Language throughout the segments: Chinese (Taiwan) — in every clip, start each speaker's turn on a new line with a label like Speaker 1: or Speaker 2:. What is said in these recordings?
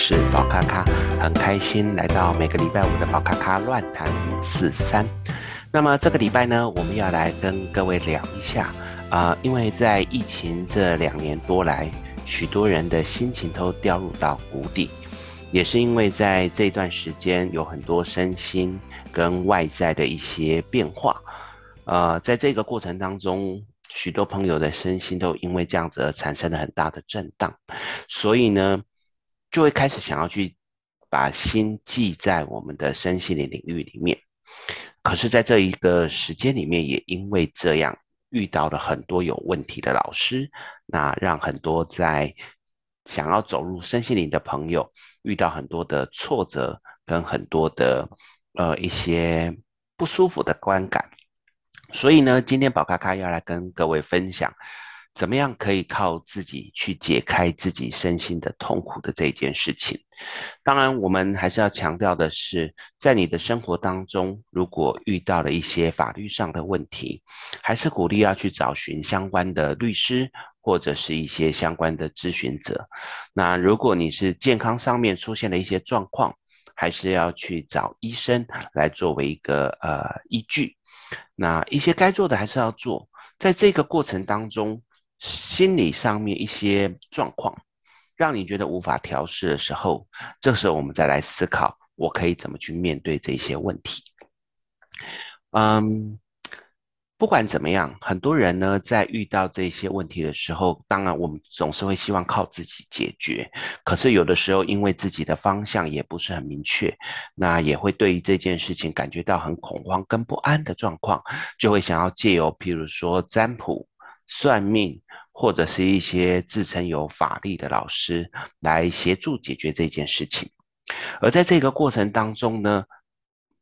Speaker 1: 是寶咖咖，很開心來到每個禮拜五的寶咖咖亂談五四三。那麼這個禮拜呢，我們要來跟各位聊一下啊、呃，因為在疫情這兩年多來，許多人的心情都掉入到谷底，也是因為在這段時間有很多身心跟外在的一些變化。呃，在這個過程當中，許多朋友的身心都因為這樣子而產生了很大的震盪，所以呢。就會開始想要去把心寄在我們的身心靈領域裡面，可是，在這一個時間裡面，也因為這樣遇到了很多有問題的老師，那讓很多在想要走入身心靈的朋友遇到很多的挫折跟很多的呃一些不舒服的觀感，所以呢，今天寶咖咖要來跟各位分享，怎麼樣可以靠自己去解開自己身心的痛苦的這一件事情？當然，我們還是要強調的是，在你的生活當中，如果遇到了一些法律上的問題，還是鼓勵要去找尋相關的律師或者是一些相關的諮詢者。那如果你是健康上面出現了一些狀況，還是要去找醫生來作為一個呃依據。那一些該做的還是要做，在這個過程當中。心理上面一些狀況，讓你覺得無法調適的時候，這時候我們再來思考，我可以怎麼去面對這些問題。嗯，不管怎麼樣，很多人呢在遇到這些問題的時候，當然我們總是會希望靠自己解決，可是有的時候因為自己的方向也不是很明確，那也會對於這件事情感覺到很恐慌跟不安的狀況，就會想要借由譬如說占卜、算命。或者是一些自稱有法力的老師來協助解決這件事情，而在這個過程當中呢，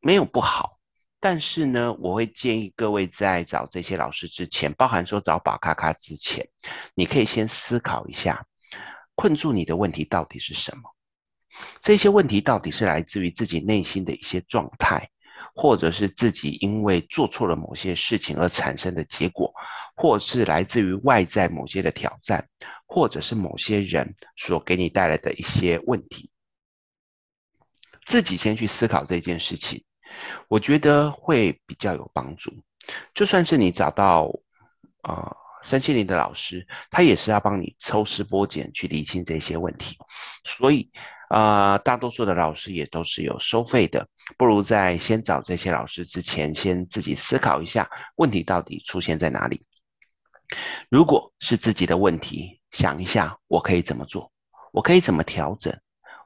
Speaker 1: 沒有不好，但是呢，我會建議各位在找這些老師之前，包含說找寶咖咖之前，你可以先思考一下，困住你的問題到底是什麼？這些問題到底是來自於自己內心的一些狀態？或者是自己因為做錯了某些事情而產生的結果，或是來自於外在某些的挑戰，或者是某些人所給你帶來的一些問題，自己先去思考這件事情，我覺得會比較有幫助。就算是你找到啊身心靈的老師，他也是要幫你抽絲剝繭去理清這些問題，所以。啊、呃，大多數的老師也都是有收費的，不如在先找這些老師之前，先自己思考一下問題到底出現在哪裡。如果是自己的問題，想一下我可以怎麼做，我可以怎麼調整，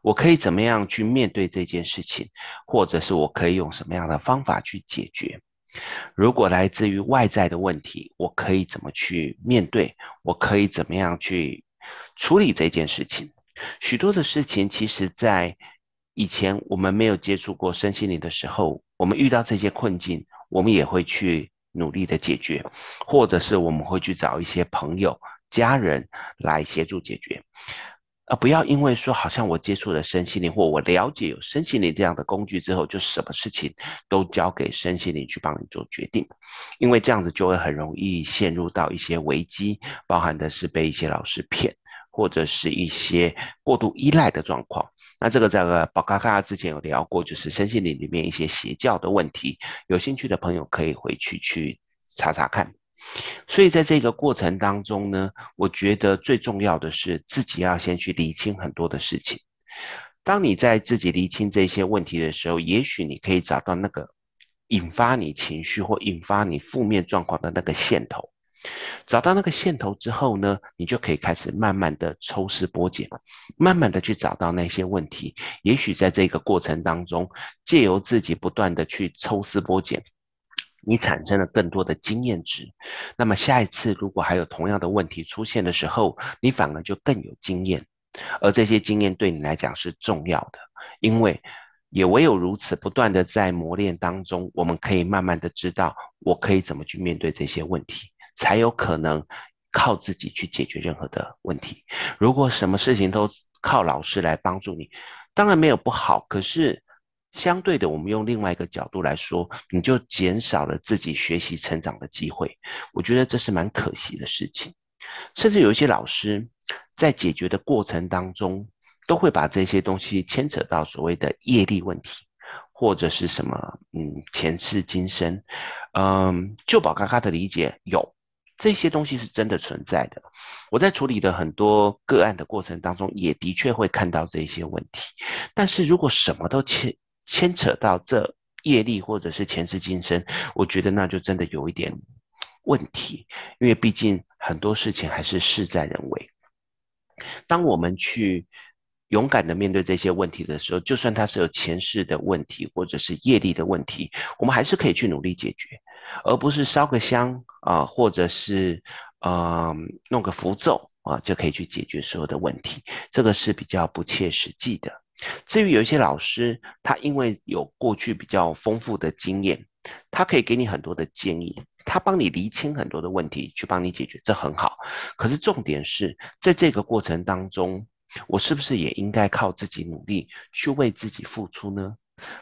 Speaker 1: 我可以怎麼樣去面對這件事情，或者是我可以用什麼樣的方法去解決。如果來自於外在的問題，我可以怎麼去面對，我可以怎麼樣去處理這件事情。許多的事情，其實在以前我們沒有接觸過身心靈的時候，我們遇到這些困境，我們也會去努力的解決，或者是我們會去找一些朋友、家人來協助解決。而不要因為說好像我接觸了身心靈，或我了解有身心靈這樣的工具之後，就什麼事情都交給身心靈去幫你做決定，因為這樣子就會很容易陷入到一些危機，包含的是被一些老師騙。或者是一些過度依賴的狀況，那這個在呃寶咖咖之前有聊過，就是身心靈裡面一些邪教的問題，有興趣的朋友可以回去去查查看。所以在這個過程當中呢，我覺得最重要的是自己要先去理清很多的事情。當你在自己理清這些問題的時候，也許你可以找到那個引發你情緒或引發你負面狀況的那個線頭。找到那個線頭之後呢，你就可以開始慢慢的抽絲剝繭，慢慢的去找到那些問題。也許在這個過程當中，借由自己不斷的去抽絲剝繭，你產生了更多的經驗值。那麼下一次如果還有同樣的問題出現的時候，你反而就更有經驗。而這些經驗對你來講是重要的，因為也唯有如此，不斷的在磨練當中，我們可以慢慢的知道我可以怎麼去面對這些問題。才有可能靠自己去解決任何的問題。如果什麼事情都靠老師來幫助你，當然沒有不好，可是相對的，我們用另外一個角度來說，你就減少了自己學習成長的機會。我覺得這是蠻可惜的事情。甚至有一些老師在解決的過程當中，都會把這些東西牽扯到所謂的業力問題，或者是什麼，嗯，前世今生。嗯，就寶咖咖的理解，有。這些東西是真的存在的。我在處理的很多個案的過程當中，也的確會看到這些問題。但是如果什麼都牽牽扯到這業力或者是前世今生，我覺得那就真的有一點問題，因為畢竟很多事情還是事在人為。當我們去勇敢的面對這些問題的時候，就算它是有前世的問題或者是業力的問題，我們還是可以去努力解決。而不是燒個香啊、呃，或者是嗯、呃、弄個符咒啊、呃，就可以去解決所有的問題，這個是比較不切實際的。至於有一些老師，他因為有過去比較豐富的經驗，他可以給你很多的建議，他幫你釐清很多的問題，去幫你解決，這很好。可是重點是在這個過程當中，我是不是也應該靠自己努力去為自己付出呢？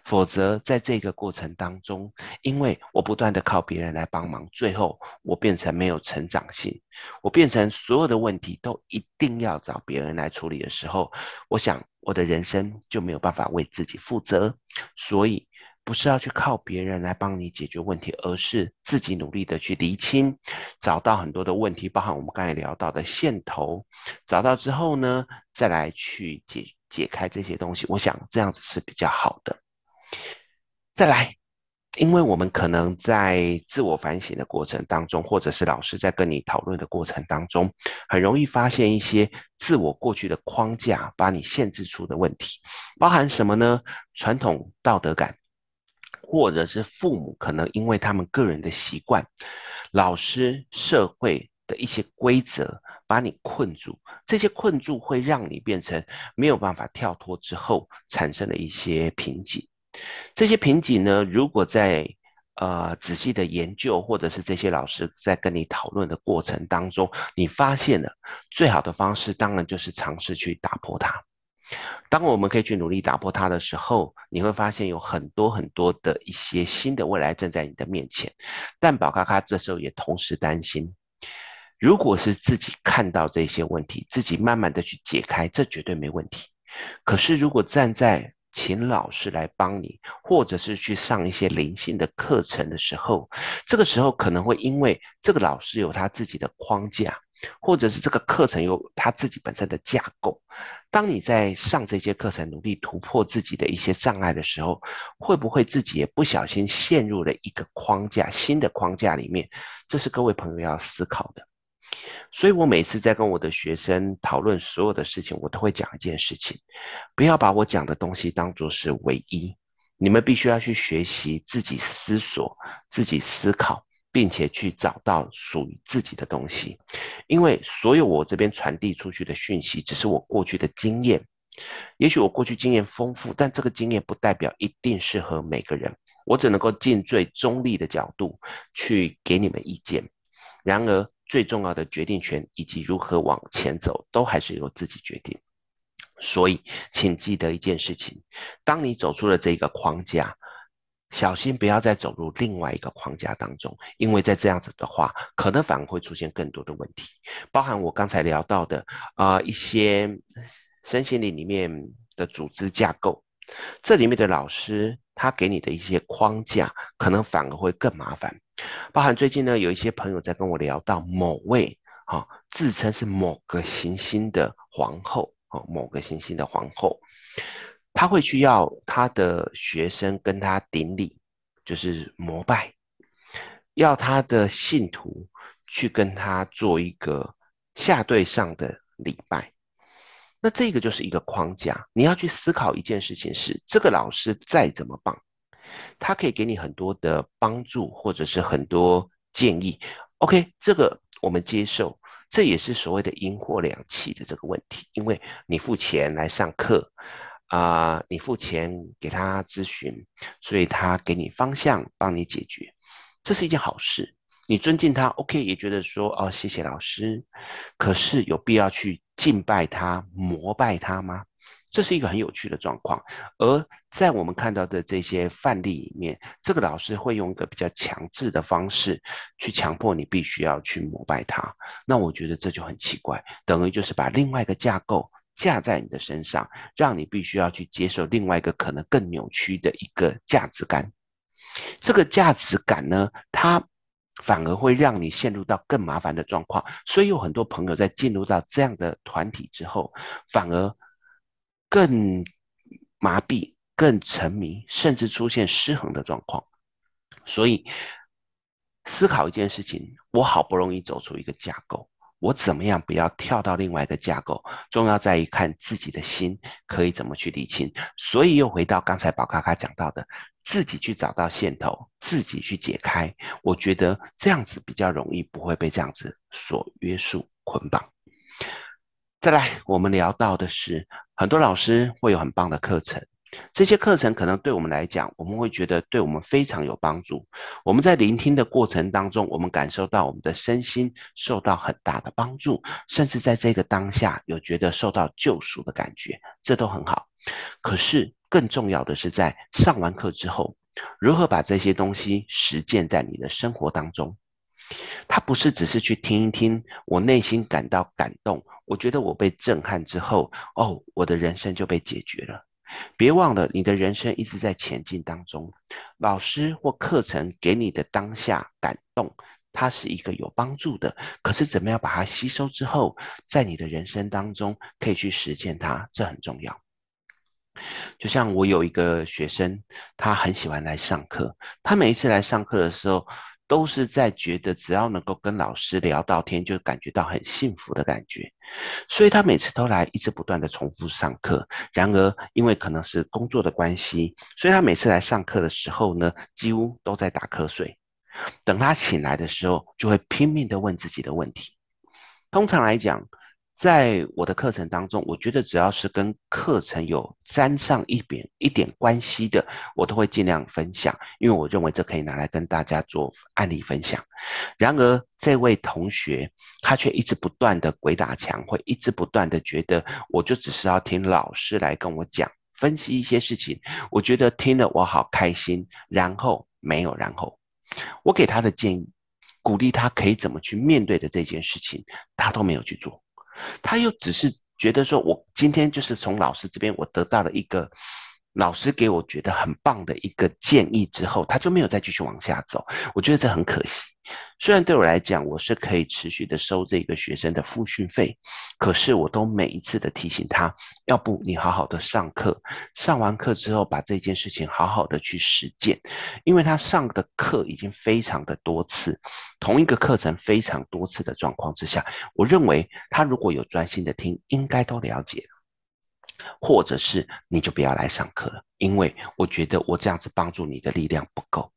Speaker 1: 否則，在這個過程當中，因為我不斷的靠別人來幫忙，最後我變成沒有成長性，我變成所有的問題都一定要找別人來處理的時候，我想我的人生就沒有辦法為自己負責。所以，不是要去靠別人來幫你解決問題，而是自己努力的去釐清，找到很多的問題，包含我們剛才聊到的線頭，找到之後呢，再來去解解開這些東西，我想這樣子是比較好的。再來，因為我們可能在自我反省的過程當中，或者是老師在跟你討論的過程當中，很容易發現一些自我過去的框架把你限制出的問題。包含什麼呢？傳統道德感，或者是父母可能因為他們個人的習慣、老師、社會的一些規則把你困住。這些困住會讓你變成沒有辦法跳脫之後，產生的一些瓶頸。這些瓶頸呢，如果在呃仔細的研究，或者是這些老師在跟你討論的過程當中，你發現了最好的方式，當然就是嘗試去打破它。當我們可以去努力打破它的時候，你會發現有很多很多的一些新的未來正在你的面前。但寶咖咖這時候也同時擔心，如果是自己看到這些問題，自己慢慢的去解開，這絕對沒問題。可是如果站在請老師來幫你，或者是去上一些靈性的課程的時候，這個時候可能會因為這個老師有他自己的框架，或者是這個課程有他自己本身的架構。當你在上這些課程，努力突破自己的一些障礙的時候，會不會自己也不小心陷入了一個框架，新的框架裡面？這是各位朋友要思考的。所以，我每次在跟我的學生討論所有的事情，我都會講一件事情：不要把我講的東西當作是唯一。你們必須要去學習，自己思索，自己思考，並且去找到屬於自己的東西。因為所有我這邊傳遞出去的訊息，只是我過去的經驗。也許我過去經驗豐富，但這個經驗不代表一定適合每個人。我只能夠盡最中立的角度去給你們意見。然而，最重要的決定權以及如何往前走，都還是由自己決定。所以，請記得一件事情：當你走出了這個框架，小心不要再走入另外一個框架當中，因為在這樣子的話，可能反而會出現更多的問題，包含我剛才聊到的啊、呃、一些身心靈裡面的組織架構，這裡面的老師他給你的一些框架，可能反而會更麻煩。包含最近呢，有一些朋友在跟我聊到某位，哈，自稱是某個行星的皇後，哦，某個行星的皇後，他會需要他的學生跟他頂禮，就是膜拜，要他的信徒去跟他做一個下對上的禮拜。那這個就是一個框架，你要去思考一件事情是，這個老師再怎麼棒。他可以給你很多的幫助，或者是很多建議。OK，這個我們接受，這也是所謂的銀貨兩訖的這個問題，因為你付錢來上課，啊、呃，你付錢給他諮詢，所以他給你方向，幫你解決，這是一件好事。你尊敬他，OK，也覺得說哦，謝謝老師。可是有必要去敬拜他、膜拜他嗎？這是一個很有趣的狀況。而在我們看到的這些範例裡面，這個老師會用一個比較強制的方式去強迫你必須要去膜拜他。那我覺得這就很奇怪，等於就是把另外一個架構架在你的身上，讓你必須要去接受另外一個可能更扭曲的一個價值感。這個價值感呢，它反而會讓你陷入到更麻煩的狀況，所以有很多朋友在進入到這樣的團體之後，反而更麻痹、更沉迷，甚至出現失衡的狀況。所以思考一件事情：我好不容易走出一個架構，我怎麼樣不要跳到另外一個架構？重要在於看自己的心可以怎麼去理清。所以又回到剛才寶咖咖講到的。自己去找到線頭，自己去解開。我覺得這樣子比較容易，不會被這樣子所約束捆綁。再來，我們聊到的是，很多老師會有很棒的課程。這些課程可能對我們來講，我們會覺得對我們非常有幫助。我們在聆聽的過程當中，我們感受到我們的身心受到很大的幫助，甚至在這個當下有覺得受到救贖的感覺，這都很好。可是更重要的是在上完課之後，如何把這些東西實踐在你的生活當中？它不是只是去聽一聽，我內心感到感動，我覺得我被震撼之後，哦，我的人生就被解決了。別忘了，你的人生一直在前進當中。老師或課程給你的當下感動，它是一個有幫助的。可是，怎麼樣把它吸收之後，在你的人生當中可以去實踐它，這很重要。就像我有一個學生，他很喜歡來上課。他每一次來上課的時候，都是在覺得只要能夠跟老師聊到天，就感覺到很幸福的感覺，所以他每次都來，一直不斷的重複上課。然而，因為可能是工作的關係，所以他每次來上課的時候呢，幾乎都在打瞌睡。等他醒來的時候，就會拼命的問自己的問題。通常來講，在我的課程當中，我覺得只要是跟課程有沾上一點一點關係的，我都會盡量分享，因為我認為這可以拿來跟大家做案例分享。然而，這位同學他卻一直不斷的鬼打牆會，會一直不斷的覺得我就只是要聽老師來跟我講分析一些事情，我覺得聽了我好開心，然後沒有然後。我給他的建議，鼓勵他可以怎麼去面對的這件事情，他都沒有去做。他又只是覺得說，我今天就是從老師這邊我得到了一個。老師給我覺得很棒的一個建議之後，他就沒有再繼續往下走。我覺得這很可惜。雖然對我來講，我是可以持續的收這個學生的複訓費，可是我都每一次的提醒他，要不你好好的上課，上完課之後把這件事情好好的去實踐。因為他上的課已經非常的多次，同一個課程非常多次的狀況之下，我認為他如果有專心的聽，應該都了解。或者是你就不要來上課了，因為我覺得我這樣子幫助你的力量不夠，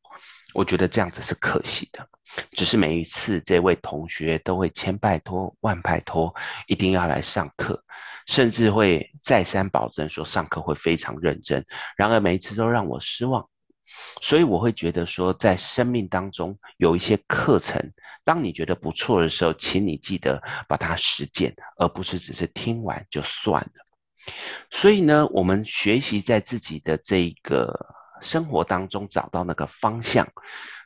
Speaker 1: 我覺得這樣子是可惜的。只是每一次這位同學都會千拜托、萬拜托，一定要來上課，甚至會再三保證說上課會非常認真，然而每一次都讓我失望，所以我會覺得說，在生命當中有一些課程，當你覺得不錯的時候，請你記得把它實踐，而不是只是聽完就算了。所以呢，我們學習在自己的這一個生活當中找到那個方向，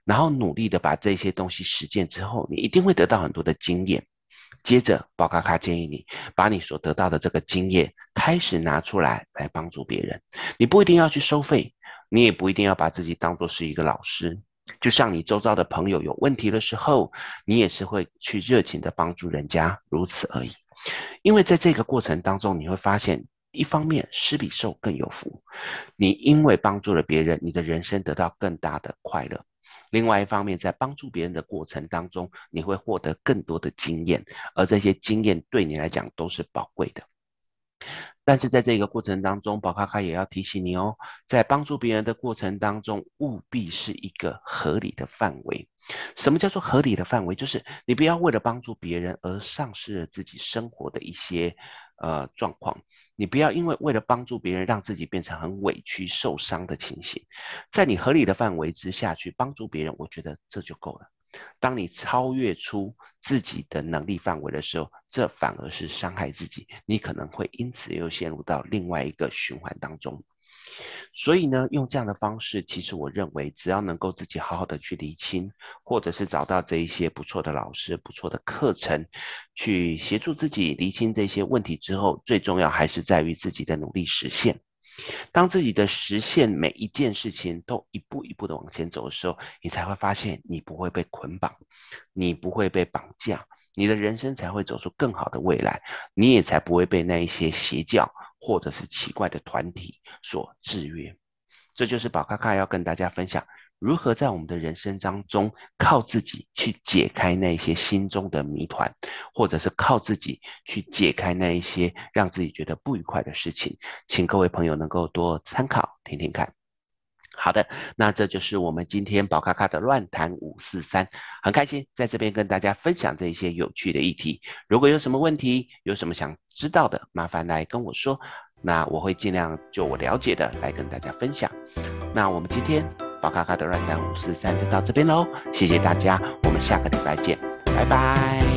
Speaker 1: 然後努力的把這些東西實踐之後，你一定會得到很多的經驗。接着，寶咖咖建議你把你所得到的這個經驗開始拿出來來幫助別人。你不一定要去收費，你也不一定要把自己當做是一個老師。就像你周遭的朋友有問題的時候，你也是會去熱情的幫助人家，如此而已。因為在這個過程當中，你會發現，一方面施比受更有福，你因為幫助了別人，你的人生得到更大的快樂；另外一方面，在幫助別人的過程當中，你會獲得更多的經驗，而這些經驗對你來講都是寶貴的。但是在這個過程當中，寶咖咖也要提醒你哦，在幫助別人的過程當中，務必是一個合理的範圍。什麼叫做合理的範圍？就是你不要為了幫助別人而喪失了自己生活的一些呃狀況，你不要因為為了幫助別人讓自己變成很委屈，受傷的情形，在你合理的範圍之下去幫助別人，我覺得這就夠了。當你超越出自己的能力範圍的時候，這反而是傷害自己，你可能會因此又陷入到另外一個循環當中。所以呢，用這樣的方式，其實我認為，只要能夠自己好好的去釐清，或者是找到這一些不錯的老師、不錯的課程，去協助自己釐清這些問題之後，最重要還是在於自己的努力實現。當自己的實現每一件事情都一步一步的往前走的時候，你才會發現，你不會被捆綁，你不會被綁架。你的人生才會走出更好的未來，你也才不會被那一些邪教或者是奇怪的團體所制約。這就是寶咖咖要跟大家分享，如何在我們的人生當中靠自己去解開那一些心中的謎團，或者是靠自己去解開那一些讓自己覺得不愉快的事情。請各位朋友能夠多參考，聽聽看。好的，那這就是我們今天寶咖咖的亂談543，很開心在這邊跟大家分享這一些有趣的議題。如果有什麼問題，有什麼想知道的，麻煩來跟我說，那我會盡量就我了解的來跟大家分享。那我們今天寶咖咖的亂談543就到這邊嘍，謝謝大家，我們下個禮拜見，拜拜。